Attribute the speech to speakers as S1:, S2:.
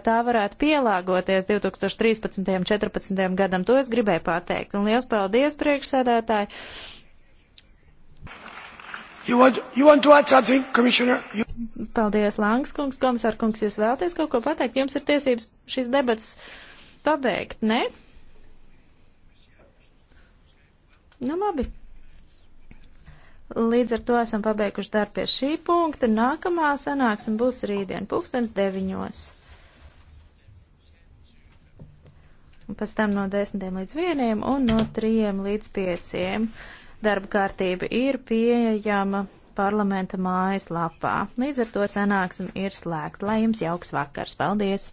S1: tā varētu pielāgoties 2013. un 2014. gadam. To es gribēju pateikt. Un liels paldies, priekšsēdētāji!
S2: You want, you want
S1: to add something, Commissioner? You... Paldies, Langs kungs, komisār kungs, jūs vēlaties kaut ko pateikt? Jums ir tiesības šīs debats pabeigt, ne? Nu, labi. Līdz ar to esam pabeiguši darbu pie šī punkta. Nākamā sanāksme būs rītdien, pulkstens deviņos. pēc tam no 10 līdz 1 un no 3 līdz 5. Darba kārtība ir pieejama parlamenta mājas lapā. Līdz ar to sanāksim ir slēgt. Lai jums jauks vakars. Paldies!